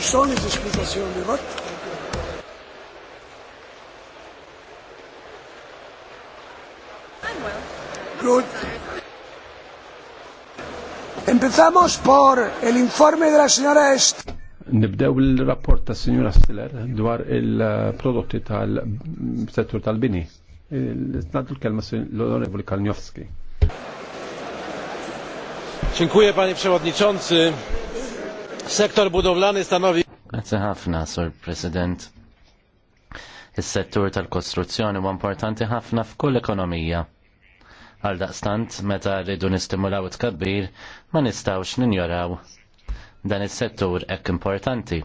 Où sont les explications Good. Empezamos por el informe de la señora Est. Nibdew il-rapport ta' signora Stiller dwar il-prodotti tal-settur tal-bini. Nadu l-kelma l-onorevoli Kalniowski. Dziękuję panie przewodniczący. Sektor budowlany stanowi. Grazie ħafna, Sur President. Is-settur tal-kostruzzjoni huwa importanti ħafna f'kull ekonomija. Għal daqstant, meta rridu nistimulaw tkabbir, ma nistawx ninjoraw dan is-settur hekk importanti.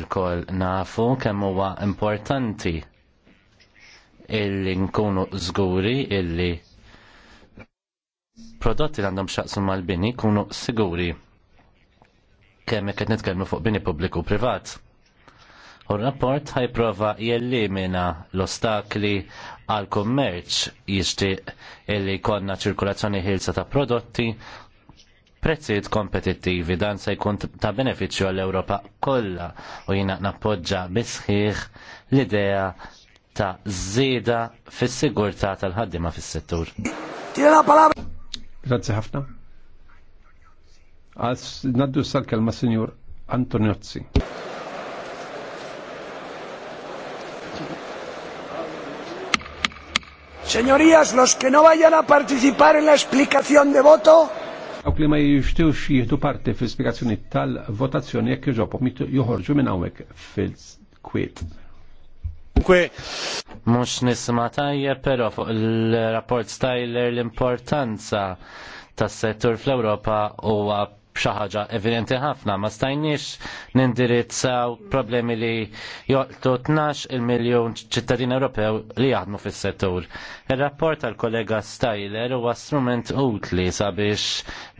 il koll nafu kemm huwa importanti illi nkunu żguri illi prodotti li għandhom xaqsu mal-bini kunu siguri kemm qed nitkellmu fuq bini pubbliku privat. U rapport ħajprova jellimina l-ostakli għal kummerċ jixtieq illi konna ċirkulazzjoni ħilsa ta' prodotti prezzijiet kompetittivi dan se jkun ta' benefiċċju għall ewropa kollha u jiena nappoġġa bisħiħ l-idea ta' żieda fis-sigurtà tal-ħaddiema fis-settur. Grazzi ħafna. Naddu sal-kelma senjur Antoniozzi. Senjorijas, los ke no vajan a participar en la explicación de voto. Dawk li ma jixtiewx jieħdu parti fl-ispjegazzjoni tal-votazzjoni jekk joġobhom juħorġu minn għawek fil-kwiet. mux nisma' tajja, pero l rapport Styler l-importanza tas-settur fl europa u għab bxaħġa evidenti ħafna, ma stajniex nindirizzaw problemi li joqtu 12 il-miljon ċittadin Ewropew li jaħdmu fis-settur. Il-rapport tal-kollega Stajler huwa strument utli sabiex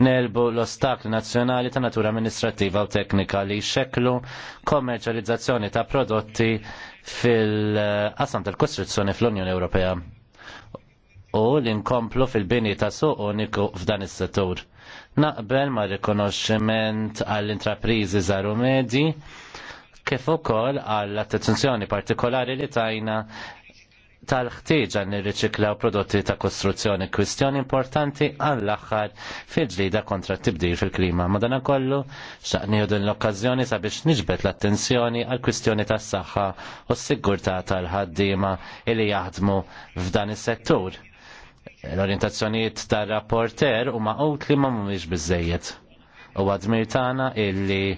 nelbu l-ostakli nazzjonali ta' natura amministrativa u teknika li xeklu kommerċjalizzazzjoni ta' prodotti fil-qasam tal-kostruzzjoni fl-Unjoni Ewropea u li nkomplu fil-bini ta' suq uniku f'dan is-settur Naqbel ma' rikonoxximent għall-intraprizi żaru medji kif ukoll għall-attenzjoni partikolari li tajna tal-ħtieġa nirriċiklaw prodotti ta' kostruzzjoni kwistjoni importanti għall aħħar fil-ġlida kontra t-tibdil fil-klima. Madanakollu, xaqni din l-okkazjoni sabiex nġbet l-attenzjoni għal kwistjoni tas saħħa u s-sigurta tal-ħaddima li jaħdmu f'dan is-settur l-orientazzjonijiet tar rapporter u ma' li ma' mumiex bizzejiet. U għadmir tagħna illi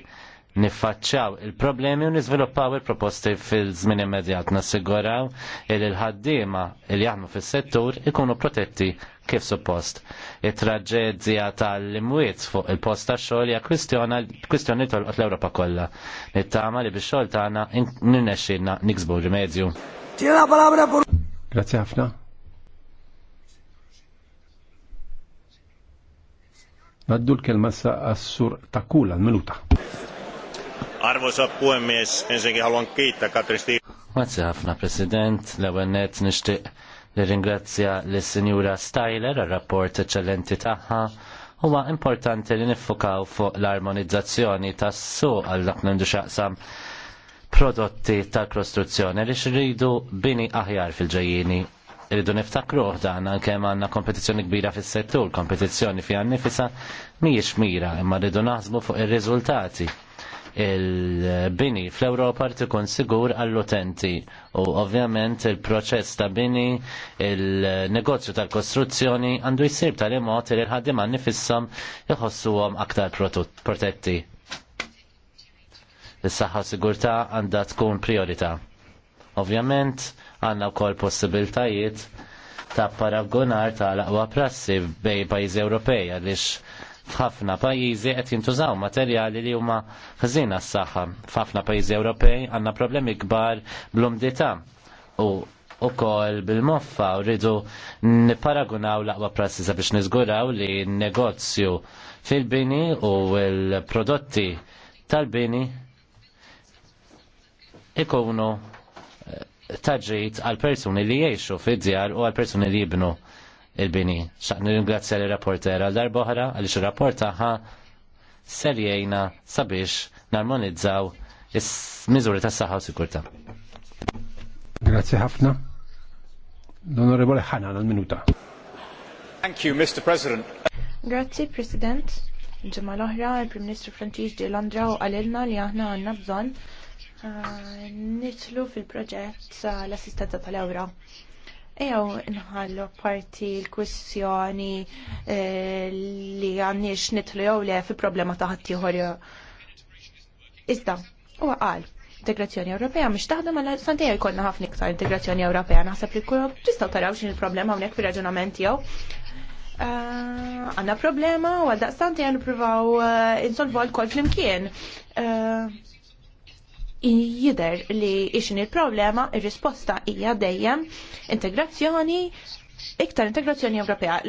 niffaċċaw il-problemi u niżviluppaw il-proposti fil-żmien immedjat nassiguraw il il-ħaddiema il jaħdmu fis-settur ikunu protetti kif suppost. It-traġedja tal-imwiet fuq il-post ta' xogħol hija kwistjoni tolqot l-Ewropa kollha. Nittama li bix-xogħol tagħna nirnexxinna niksbu rimedju. Grazie ħafna. Naddu l-kelma sa assur takula l-minuta. Arvoisa puhemies, ensinnäkin haluan kiittää Katri Stig. Grazie ħafna President, l-ewwel nett nixtieq nirringrazzja l sinjura Styler għar-rapport eċċellenti tagħha. Huwa importanti li nifukaw fuq l-armonizzazzjoni tas-suq għal dak m'għandu xaqsam prodotti tal-kostruzzjoni li xridu bini aħjar fil-ġejjini Irridu niftakruh dan kemm għandna kompetizzjoni kbira fis-settur, kompetizzjoni fiha nifisa mhijiex mira, imma rridu naħsbu fuq ir-riżultati. Il-bini fl-Ewropa tkun sigur għall-utenti u ovvjament il-proċess ta' bini, il-negozju tal-kostruzzjoni għandu jsir tal-imot li l-ħaddim għan nifissam jħossuhom aktar protetti is saħħa sigurta sigurtà għandha tkun priorità. Ovvjament, Għanna wkoll possibiltajiet ta' paragonar ta' laqwa prassi bej pajizi Ewropej għaliex f'ħafna pajjiżi qed jintużaw materjali li huma ħażin s saħħa F'ħafna pajjiżi Ewropej għandna problemi kbar bl-umdità u wkoll bil-moffa u rridu niparagunaw laqwa prassi sabiex niżguraw li n-negozju fil-bini u l-prodotti tal-bini ikunu taġrit għal persuni li jiexu fid-djar u għal persuni li jibnu il-bini. Xaqni ringrazzja li rapporter għal darba oħra għaliex ir-rapport tagħha ser sabiex narmonizzaw is-miżuri tas-saħħa u sikurtà. Grazzi ħafna. L-Onorevole Ħana għal-minuta. Thank you, Mr. President. Grazzi, President. Ġemal oħra il-Prim Ministru Franċiġ di Londra u għalilna li aħna għanna bżon Ah, nitlu fil-proġett l-assistenza tal-ewra. Ejaw nħallu parti l-kwissjoni eh, li għannix nitlu jew le fil problema ta' ħaddieħor. Iżda, huwa qal integrazzjoni Ewropea mhix taħdem għal santija jkollna ħafna iktar integrazzjoni Ewropea naħseb li kull tistaw taraw x'in il-problema hawnhekk fir-raġunament jew. Ah, għandna problema u għal daqstanti għan nippruvaw eh, insolvu għal kol flimkien. Eh, jider li ixin il-problema, il-risposta hija dejjem integrazzjoni, iktar integrazzjoni Ewropea.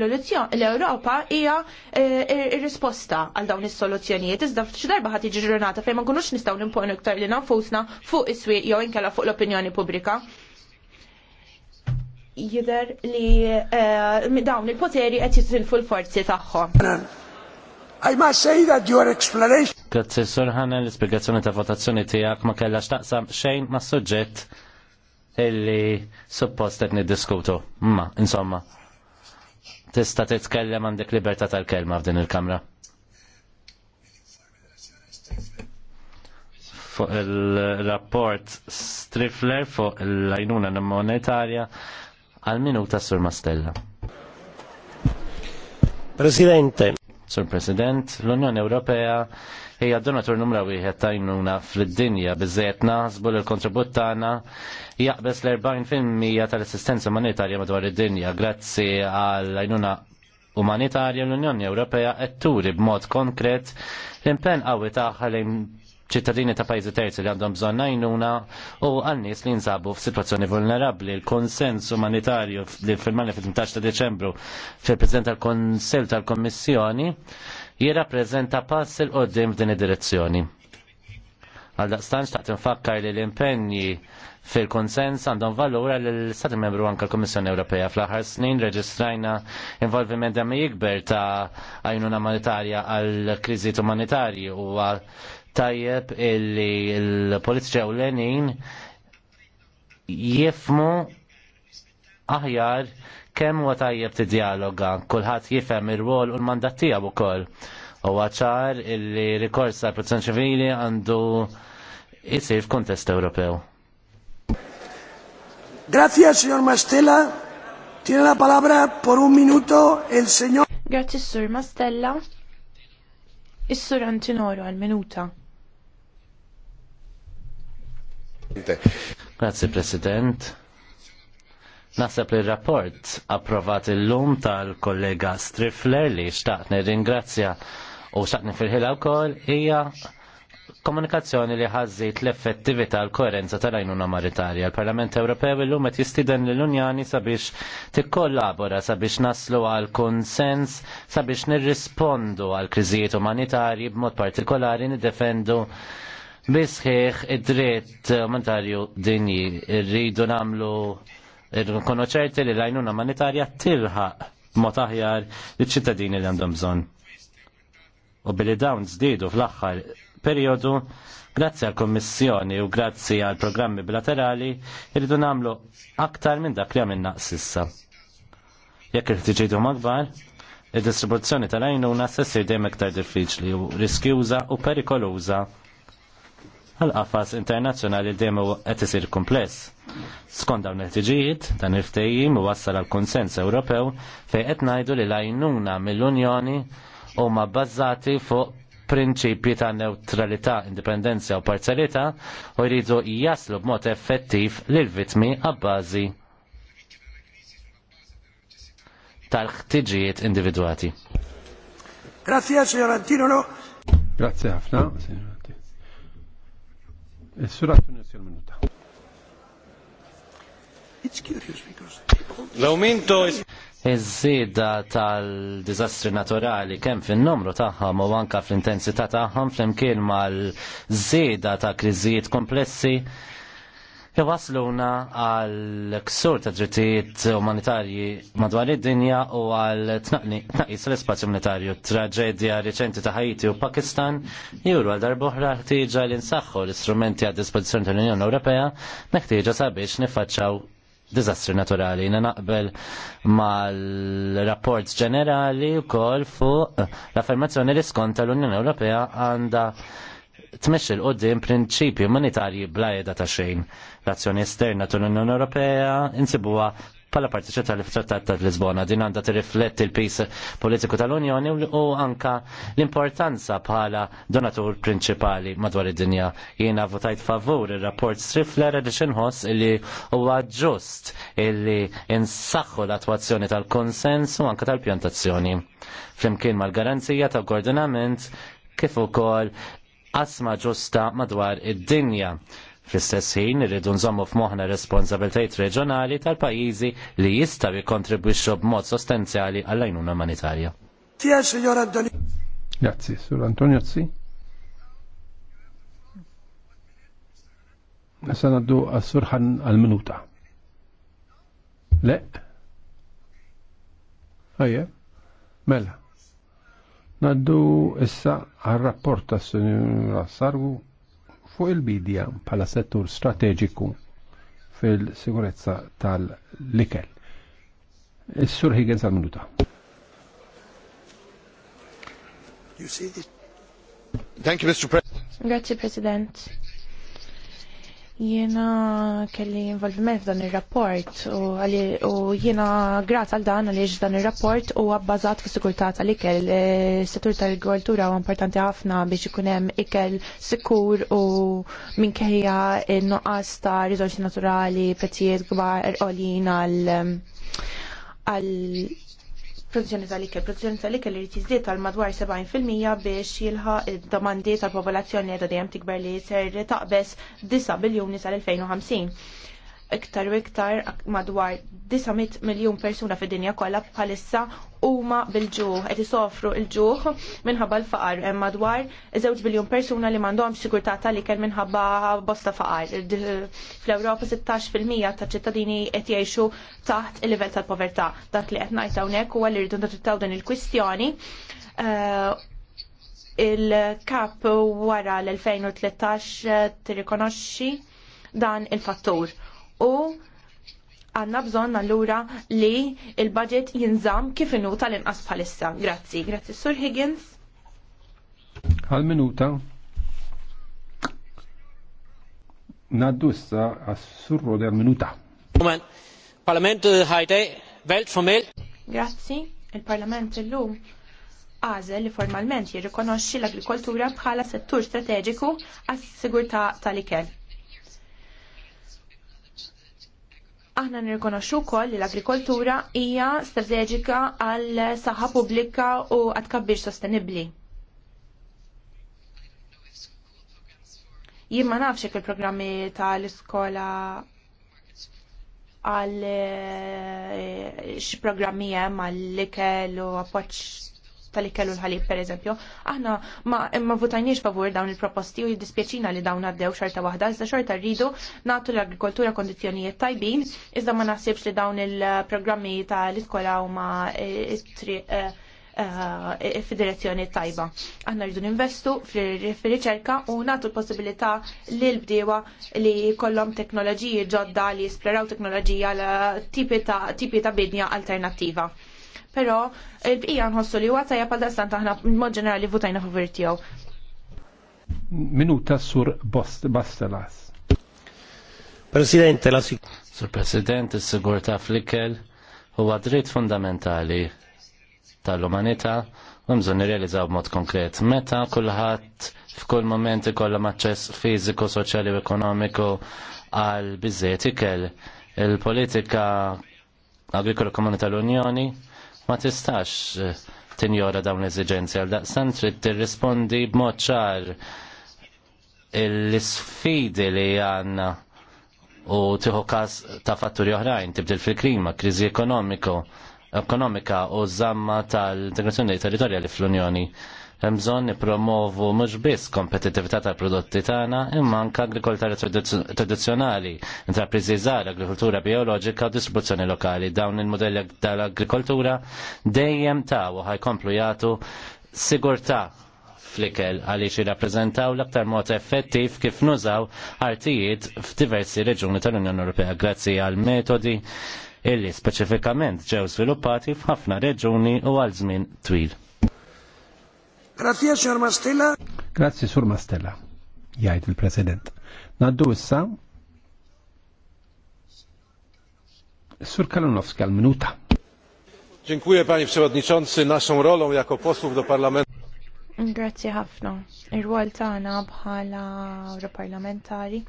L-Europa hija eh, ir-risposta għal dawn is-soluzzjonijiet. Iżda xi darba ħadd jiġi ġurnata fejn ma nkunux nistgħu nimponu iktar li nafusna fuq is-swieq jew inkella fuq l-opinjoni pubblika. Jider li eh, dawn il-poteri qed jitilfu l-forzi tagħhom. I must say that your explanation Grazzi Surħana l-ispiegazzjoni ta' votazzjoni tiegħek ma kellax taqsam xejn ma' suġġett illi suppost qed niddiskutu. Ma, insomma, tista' titkellem għandek libertà tal-kelma f'din il-kamra. Fuq il-rapport Strifler fuq l-għajnuna monetarja għal minuta sur Mastella. Presidente, Sur President, l-Unjoni Ewropea hija donatur numra wieħed tajnuna fid-dinja biżejjed naħsbu l-kontribut tagħna jaqbes l-40% tal-assistenza umanitarja madwar id-dinja grazzi għal għajnuna umanitarja l-Unjoni Ewropea qed turi b'mod konkret l-impenn qawwi tagħha lejn ċittadini ta' pajzi terzi li għandhom bżonn għajnuna u għannis li f f'sitwazzjoni vulnerabbli. Il-konsens umanitarju li firmani fil-18 ta' Deċembru fil-President tal konsil tal-Kommissjoni jirrappreżenta pass il qoddim f'din id-direzzjoni. Għal ta' t infakkar li l-impenji fil-konsens għandhom valura l-Stati membru anka l-Kommissjoni Ewropea fl-aħħar snin reġistrajna involviment dam jikber ta' għajnuna umanitarja għal kriżit umanitarji u għal tajjeb illi l-politiċi ewlenin jifmu aħjar kemm huwa tajjeb tiddialoga, kulħadd jifhem ir-rwol u l-mandat tiegħu wkoll. U għacħar illi rikors għal protezzjoni ċivili għandu jisir f'kuntest Ewropew. Grazie, signor Mastella. Tiene la palabra por un minuto il signor. Grazie, sur Mastella. Is-sur Antinoro al minuta. Grazie President. Nasab li rapport approvat il-lum tal-kollega Strifler li xtaqt ringrazzja u xtaqt nifirħila wkoll hija komunikazzjoni li ħazzit l-effettività l-koerenza tal-għajnuna maritarja. Il-Parlament Ewropew illum qed jistiden l unjani sabiex tikkollabora sabiex naslu għal konsens sabiex nirrispondu għal kriżijiet umanitarji b'mod partikolari niddefendu bisħiħ id-dritt umanitarju dinji rridu namlu rkono ċerti li l-għajnuna umanitarja tilħaq b'mod aħjar liċ-ċittadini li għandhom bżonn. U billi dawn żdiedu fl-aħħar perjodu, grazzi għal kommissjoni u grazzi għal programmi bilaterali, rridu namlu aktar minn dak li għamilna sissa. Jekk irrid tiġidu magbar, id-distribuzzjoni tal-għajnuna se ssir dejjem aktar diffiċli u riskjuża u perikoluża għal-qafas internazzjonali dejjem qed isir kumpless. Skont dawn it-tiġijiet, dan il-ftehim wassal għal konsens Ewropew fejn qed ngħidu li l-għajnuna mill-Unjoni huma bbażati fuq prinċipji ta' neutralità, indipendenza u parzjalità u jridu jaslu b'mod effettiv lil vitmi għabbażi tal-ħtiġijiet individwati. Grazie, signor Antinolo. Grazie, ħafna, signor minuta. L-aumento Iż-żieda tal-diżastri naturali kemm fin-numru tagħhom u anke fl-intensità tagħhom flimkien mal-żieda ta' kriżijiet komplessi Iwasluna għal ksur ta' drittijiet umanitarji madwar id-dinja u għal tnaqis l-ispazju umanitarju. Traġedja riċenti ta' Haiti u Pakistan juru għal darbohra ħtieġa li nsaħħu l-istrumenti għad dispożizzjoni tal-Unjoni Ewropea meħtieġa sabiex nifacċaw dizastri naturali. Jina naqbel mal-rapport ġenerali u kol fuq l-affermazzjoni li skont tal-Unjoni Ewropea għanda tmexxi l qoddim prinċipji umanitarji bla jeda ta' xejn. L-azzjoni esterna tal-Unjoni Ewropea insibuha pala partiċa tal-Trattat ta' Lisbona din għandha tirrifletti l-pis politiku tal-Unjoni u anka l-importanza bħala donatur prinċipali madwar id-dinja. Jiena votajt favur ir-rapport Strifler li xinħoss illi huwa ġust illi insaħħu l-attwazzjoni tal-konsens u anka tal-pjantazzjoni. Flimkien mal-garanzija ta' koordinament kif ukoll asma ġusta madwar id-dinja. Fl-istess ħin irridu nżommu f'moħħna responsabiltajt reġjonali tal-pajjiżi li jistgħu jikkontribwixxu b'mod sostanzjali għall-għajnuna umanitarja. Grazzi, Sur Antoniozzi. Nasa naddu għas-surħan għal-minuta. Le? Ajja, mela. Naddu issa għal-rapport ta' Sunjura Sargu fuq il-bidja pala settur strateġiku fil-sigurezza tal-likel. Is-Sur Higgins għal-minuta. Thank you, Mr. President. Grazie, President Jiena kelli involviment f'dan il-rapport u jiena grat għal dan għaliex dan il-rapport u għabbażat fuq sigurtà tal-ikel. E, Settur tal-agrikoltura huwa importanti ħafna biex ikun hemm ikel sikur u minkejja n-nuqqas ta' rizorsi naturali, prezzijiet gbar qolin għal produzzjoni tal-ikel. Produzzjoni tal-ikel li jtizdiet tal-madwar 70% biex jilħa id-domandi tal-popolazzjoni għedha dejjem tikber li ser taqbes 9 biljoni tal-2050 iktar u iktar madwar 900 miljon persuna fid-dinja kollha bħalissa huma bil-ġuħ, qed isofru l-ġuħ minħabba l-faqar hemm madwar żewġ biljun persuna li m'għandhomx sigurtà tal-ikel minħabba bosta faqar. Fl-Ewropa 16% ta' ċittadini qed jgħixu taħt il-livell tal-povertà. Dak li qed ngħid hawnhekk huwa li rridu nittrattaw din il-kwistjoni eh, il-kap wara l-2013 tirrikonoxxi dan il-fattur u għanna bżonn allura li il-budget jinżam kif innuta l inqas bħalissa. Grazzi, grazzi Sur Higgins. Għal minuta. Naddu issa għas-surro minuta. Parlament ħajdej, eh, velt formel. Grazzi, il-Parlament illum għażel li formalment jirrikonoxxi l-agrikoltura bħala settur strateġiku għas-sigurtà tal-ikel. Aħna nirkonoxxu wkoll li l-agrikoltura hija strateġika għal saħħa pubblika u għad sostenibbli. Jien ma nafx il programmi tal-iskola għal eh, eh, xi programmi hemm għall-ikel u appoġġ tal kellu l-ħalib per eżempju, aħna ma, ma votajniex favur dawn il-proposti u jiddispjaċina li dawn għaddew xorta waħda, iżda xorta rridu natu l-agrikoltura kondizjonijiet tajbin, iżda ma naħsibx li dawn il-programmi tal-iskola u ma e, e, e, fid-direzzjoni tajba. Aħna rridu ninvestu fil-riċerka u natu l-possibilità li l-bdiewa li kollom teknoloġiji ġodda li jisploraw teknoloġija l-tipi ta' bidnja alternativa. Però il-bqija eh, nħossu li huwa tajja pal dastan taħna mod ġenerali votajna favur tiegħu. Minuta sur Bastelas. Presidente, la Sur President, is-sigurtà fl-ikel huwa dritt fundamentali tal-umanità u mżon nirrealizzaw b'mod konkret. Meta kulħadd f'kull moment ikollhom aċċess fiżiku, soċjali u ekonomiku għal biżejt ikel, il-politika agrikola komunità l-Unjoni ma tistax eh, tinjora dawn l-eżigenzi għal daqsan trid tirrispondi b'mod ċar l-sfidi li għanna u tiħu kas ta' fatturi oħrajn tibdil fil-klima, kriżi ekonomiko, ekonomika u zamma tal-integrazzjoni territorjali fl-Unjoni. Hemm bżonn nippromovu mhux biss kompetittività tal-prodotti tagħna imma anke agrikoltura tradizzjonali, intrapriżi żgħar, agrikoltura bioloġika u distribuzzjoni lokali. Dawn il-modelli tal-agrikoltura dejjem ta' u ħajkomplu jagħtu sigurtà fl-ikel għaliex jirrappreżentaw l-aktar mod effettiv kif nużaw artijiet f'diversi reġuni tal-Unjoni Ewropea grazzi għal metodi illi speċifikament ġew sviluppati f'ħafna reġuni u għal żmien twil. Grazie, Sr. Mastella. Grazie, Sur Mastella, jajt il-President. Naddu issa Sur Kalinowski għal minuta. Dziękuję Panie Przewodniczący. Naszą rolą jako posłów do Parlamentu Grazie, Hafno. Ir-rwol tagħna bħala parlamentari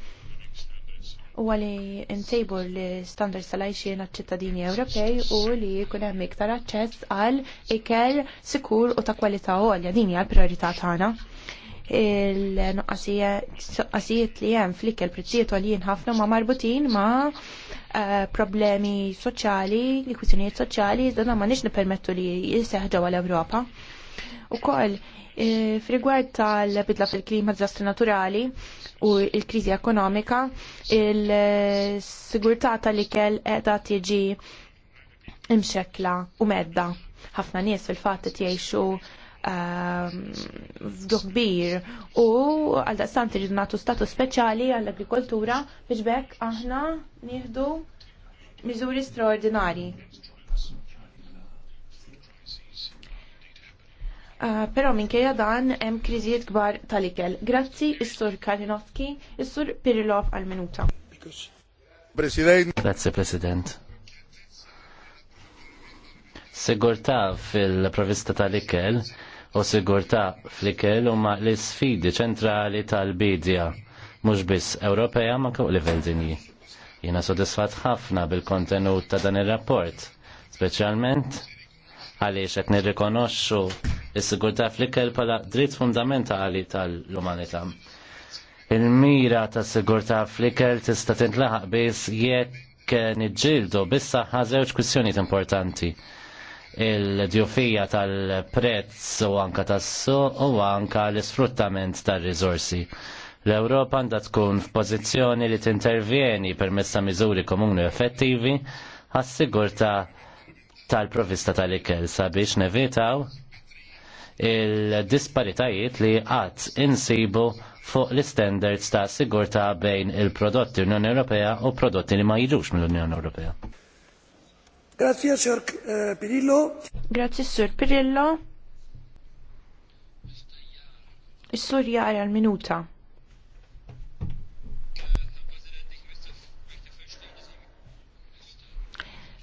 u għali intejbu li standard tal-għajxien ċittadini Ewropej u li jkun hemm iktar aċċess għal ikel sikur u ta' kwalità għolja din hija l-priorità tagħna il-nuqqasijiet li hemm fl-ikel prezzijiet għalijin ħafna ma marbutin ma eh, problemi soċjali, li kwistjonijiet soċjali, dan ma nix nipermettu li jiseħġaw għal-Ewropa. U koll, E, frigward tal-bidla fil-klima dizastri naturali u il-krizi ekonomika, il-sigurtà tal-ikel edha tiġi imxekla u medda. ħafna nies fil-fatt jgħixu ehm, f'dokbir u għal daqstant irridu nagħtu status speċjali għall-agrikoltura biex bekk aħna nieħdu miżuri straordinari Eh, Pero minkejja dan hemm kriżijiet kbar tal-ikel. Grazzi is-Sur Kalinowski, is-Sur Pirilov għal-minuta. President. Grazie President. Sigurtà fil-provista tal-ikel u sigurtà fl-ikel huma l-isfidi ċentrali tal-bidja mhux biss Ewropea ma kuk livell dinji. Jiena sodisfat ħafna bil-kontenut ta' dan ir-rapport, speċjalment għaliex qed nirrikonoxxu Is-sigurtà fl-ikel bħala dritt fundamentali tal-umanità. Il-mira tas sigurtà fl-ikel tista' tintlaħaq biss jekk niġġieldu bissa ħa żewġ kwistjonijiet importanti il-djufija tal-prezz u anka tas-su u anka l-isfruttament tar-riżorsi l-Ewropa għandha tkun f'pożizzjoni li tintervjeni permezz ta' miżuri komuni effettivi għas-sigurtà tal-provista tal-ikel sabiex nevitaw il-disparitajiet li għat insibu fuq l-standards ta' sigurta bejn il-prodotti l-Unjoni Ewropea u prodotti li ma jiġux mill-Unjoni Ewropea. Grazie, Sir eh, Pirillo. Grazie, Sir Pirillo. Is-sur jara l-minuta.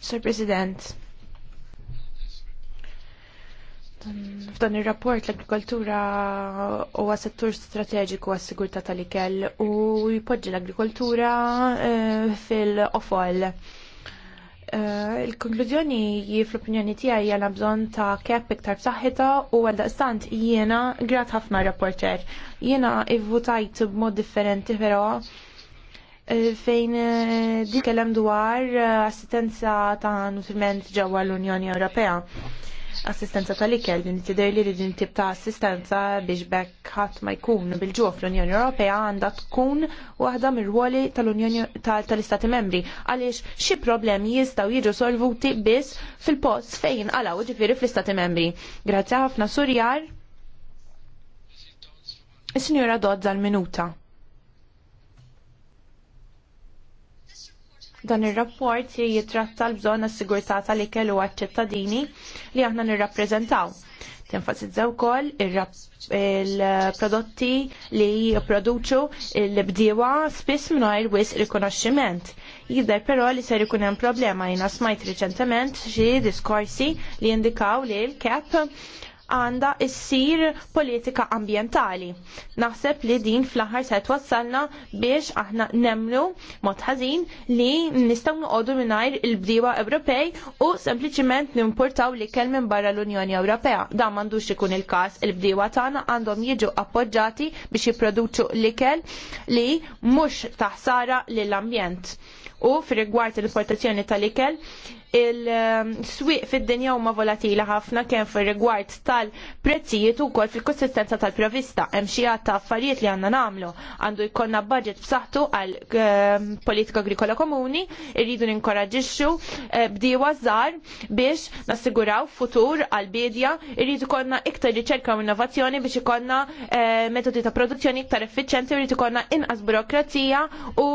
Sir President, F'dan ir-rapport l-agrikoltura huwa settur strateġiku għas-sigurtà tal-ikel u jpoġġi l-agrikoltura eh, fil ofol eh, Il-konklużjoni fl-opinjoni tiegħi hija bżonn ta' kep iktar b'saħħitha u għal daqstant jiena grat ħafna rapporter. Jiena ivvutajt b'mod differenti però eh, fejn dik kellem dwar assistenza ta' nutriment ġewwa l-Unjoni Ewropea assistenza tal-ikel din tidher li din tip ta' assistenza biex bekkat ħadd ma jkun bil-ġuħ fl-Unjoni Ewropea għandha tkun waħda mir-ruoli tal-Unjoni tal-Istati Membri għaliex xi problemi jistgħu jiġu solvuti biss fil-post fejn għalaw ġifiri fl-Istati Membri. Grazzi ħafna Surjar. Signora Dodd, Dodza minuta Dan ir-rapport jitratta l-bżonn assigurtà tal-ikel u għaċ-ċittadini li aħna nirrappreżentaw. Tenfasizza wkoll il-prodotti li jipproduċu l-bdiewa spiss mingħajr wisq rikonoxximent. Jidher però li ser ikun hemm problema jiena smajt riċentement xi diskorsi li jindikaw li l-kep għanda s-sir politika ambientali. Naħseb li din fl-aħħar se twassalna biex aħna nemlu mod ħażin li nistgħu noqogħdu mingħajr il bdiwa Ewropej u sempliciment nimportaw li kelmen minn barra l-Unjoni Ewropea. Dan m'għandux ikun il-każ il bdiwa tagħna għandhom jiġu appoġġati biex jipproduċu l-ikel li mhux taħsara lill-ambjent. U fir-rigward l-importazzjoni tal-ikel, il-swiq fid-dinja huma volatili ħafna kemm fir-rigward tal-prezzijiet ukoll fil-konsistenza tal-provista. Hemm xi ta' affarijiet li għandna nagħmlu. Għandu jkollna budget b'saħħtu għal ehm, politika agrikola komuni, irridu ninkoraġixxu eh, bdiewa żgħar biex nassiguraw futur għal bidja, irridu konna iktar riċerka u innovazzjoni biex ikollna eh, metodi ta' produzzjoni iktar effiċjenti, irridu konna inqas burokrazija u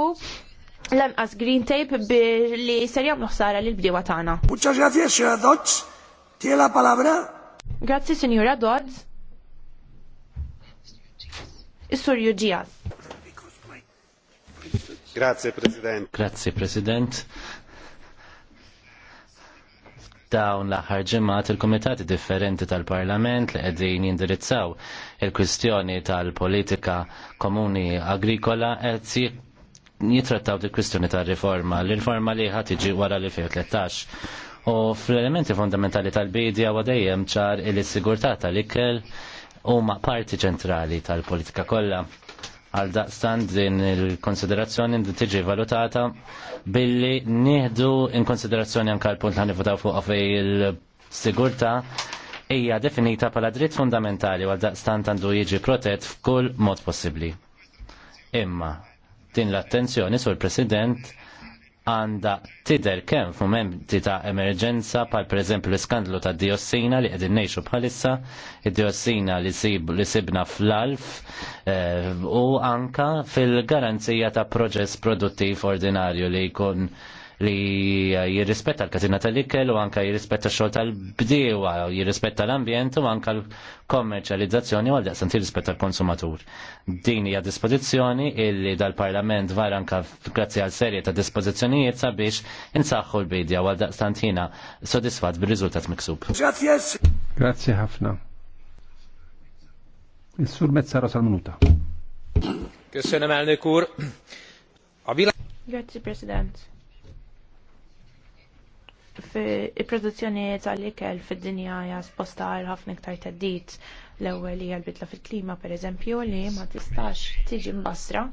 lanqas green tape li ser noħsara li l bdiewa tagħna. Muchas gracias, Sra. Dodds. Tiene la palabra. Grazzi, signora Dodds. Is-Sur Grazie, President. Grazie, President dawn l-aħħar ġimgħat il-kumitati differenti tal-Parlament li qegħdin jindirizzaw il-kwistjoni tal-politika komuni agrikola qed jitrattaw di kwistjoni ta' riforma. L-riforma li ħat iġi wara l-2013. U fl-elementi fondamentali tal-bidja għadajem ċar il-sigurtà tal-ikel u ma' parti ċentrali tal-politika kollha. Għal daqstan din il-konsiderazzjoni din tiġi valutata billi nieħdu in konsiderazzjoni anka l-punt li ħanifutaw fuq fej il-sigurtà hija definita bħala dritt fundamentali għal daqstan għandu jiġi protett f'kull mod possibbli. Imma din l-attenzjoni sur President għanda tider kemm f'momenti ta' emerġenza pal per eżempju l-iskandlu ta' diossina li qegħdin ngħixu bħalissa, id-diossina li sib li sibna fl-alf eh, u anka fil-garanzija ta' proġess produttiv ordinarju li jkun li jirrispetta l-kazina tal ikkel u anka jirrispetta xol tal-bdiewa, jirrispetta l-ambjent u anka l-kommerċializzazzjoni u għal-daqsan jirrispetta l-konsumatur. Din hija dispozizjoni illi dal-parlament var anka grazzi għal serje ta' dispozizjonijiet sabiex insaħħu l-bidja u għal-daqsan tina sodisfat bil-riżultat miksub. Grazie ħafna. Il-sur Mezzara sal-minuta. Grazie, President il-produzzjoni tal-ikel fid-dinja hija sposta għal ħafna iktar teddit l-ewwel hija l-bidla fil-klima pereżempju li ma tistax tiġi mbassra.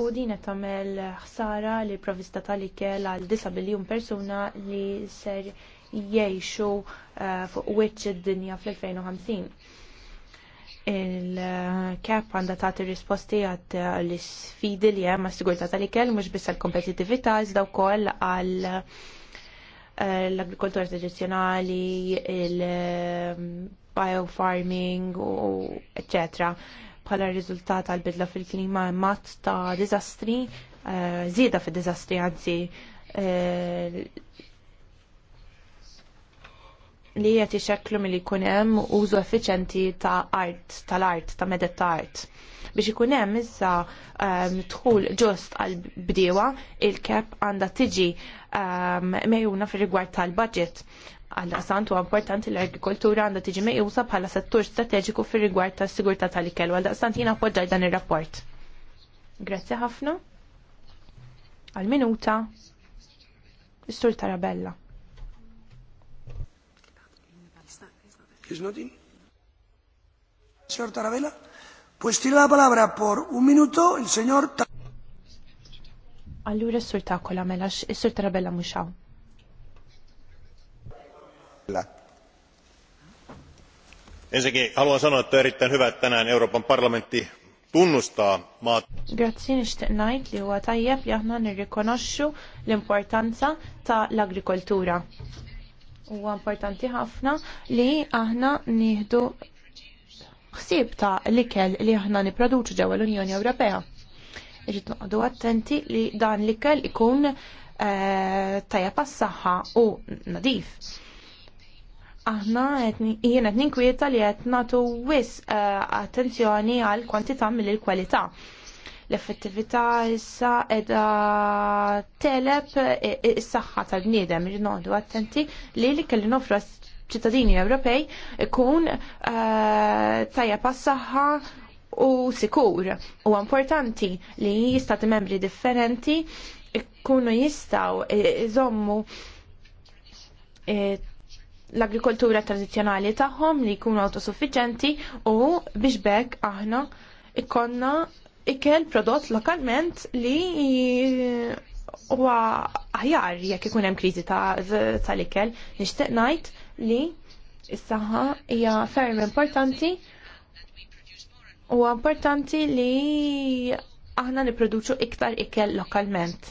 U din qed tagħmel ħsara li provista tal-ikel għal 9 biljun persuna li ser jgħixu eh, fuq wiċċ id-dinja fl-2050 il-kap għanda tagħti risposti għat eh, l-sfidi li hemm għas-sigurtà tal-ikel mhux biss għall kompetitività iżda wkoll għal Eh, l-agrikoltura tradizjonali, il-biofarming ehm, u etc. Bħala riżultat għal bidla fil-klima mat ta' dizastri, eh, zida fil-dizastri għanzi eh, li qed ixekklu milli jkun hemm użu effiċenti ta' art tal-art ta' medet ta' art. Biex ikun hemm issa um, dħul ġust għal bdiewa il-kep għandha tiġi um, ehm, mejjuna fir-rigward tal-budget. Għal daqsant huwa importanti l-agrikoltura għandha tiġi mejusa bħala settur strateġiku fir-rigward tas-sigurtà tal-ikel. Għal daqsant jiena appoġġaj dan ir-rapport. Grazzi ħafna. Għal minuta. Is-Sur Tarabella. is not pues tiene la palabra por un minuto Allura s mela, s muxaw. Ensinnäkin haluan sanoa, että on erittäin hyvä, että tänään Euroopan parlamentti tunnustaa maat. Grazzi ngħid li huwa tajjeb li aħna nirrikonoxxu l-importanza ta' l-agrikoltura huwa importanti ħafna li aħna nieħdu ħsieb ta' l-ikel li aħna nipproduċu ġewwa l-Unjoni Ewropea. Irrid noqogħdu attenti li dan l-ikel ikun eh, tajja għas saħħa u nadif. Aħna jien qed ninkwieta li qed nagħtu wis eh, attenzjoni għal kwantità mill-kwalità l-effettività issa edha teleb is-saħħa tal-bniedem li attenti li li kelli nofru ċittadini Ewropej ikun eh, tajja pas-saħħa u sikur. U importanti li jistat membri differenti ikunu jistaw iżommu eh, l-agrikoltura tradizjonali tagħhom li jkunu autosuffiċenti u biex bekk aħna ikonna ikel prodott lokalment li huwa aħjar jekk ikun hemm kriżi tal-ikel, nixtieq ngħid li is-saħħa hija ferm importanti u importanti li aħna nipproduċu iktar ikel lokalment.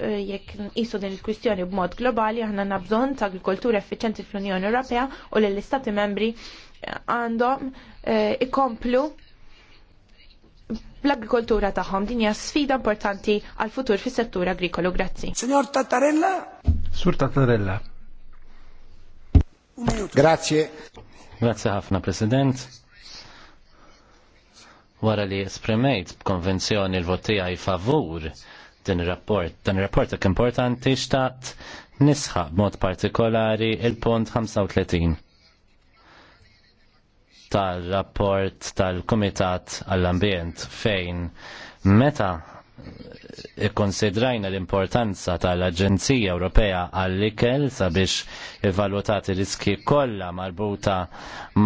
Jekk nqisu din il-kwistjoni b'mod globali, aħna nabżon ta' agrikoltura effiċenti fl-Unjoni Ewropea u l-Istati membri għandhom eh, ikomplu e, l agrikoltura tagħhom din hija sfida importanti għal futur fis-settur agrikolu. Grazzi. Signor Tattarella. Sur Tattarella. Grazie. Grazie ħafna, President. Wara li esprimejt b'konvenzjoni l-votija favur din rapport, dan rapport ek importanti xtaqt nisħa b'mod partikolari il-pont 35 tal-rapport tal-Kumitat għall-Ambjent fejn meta ikkonsidrajna l-importanza tal-Aġenzija Ewropea għall-ikel sabiex evalutat riski kollha marbuta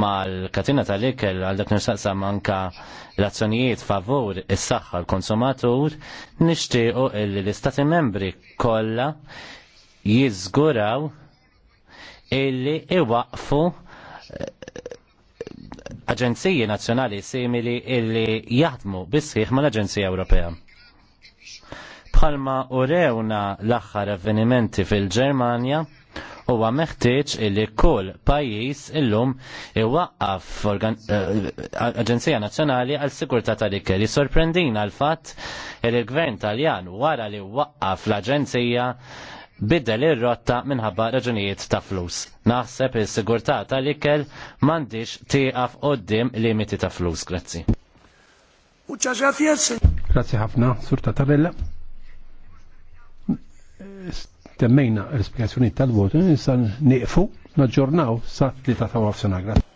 mal-katina tal-ikel għal dak nixtaqsa manka l-azzjonijiet favur is-saħħa l-konsumatur nixtiequ illi l-Istati membri kollha jiżguraw illi iwaqfu aġenziji nazzjonali simili illi jaħdmu bisħiħ mal-Aġenzija Ewropea. Bħalma urewna l-aħħar avvenimenti fil-Ġermanja, huwa meħtieġ illi kull pajjiż illum iwaqqaf eh, Aġenzija Nazzjonali għal Sigurtà tal Li sorprendina l-fatt li l-Gvern Taljan wara li waqqaf l-Aġenzija Biddel ir-rotta minħabba raġunijiet ta' flus. Naħseb is-sigurtà tal-ikel m'għandix tieqaf qoddim limiti ta' flus, grazzi. Grazzi ħafna, Sur tabella. Temmejna l-spiegazzjoni tal-votu, nisa niqfu, naġġornaw sa' 3 ta' għafsena, grazzi.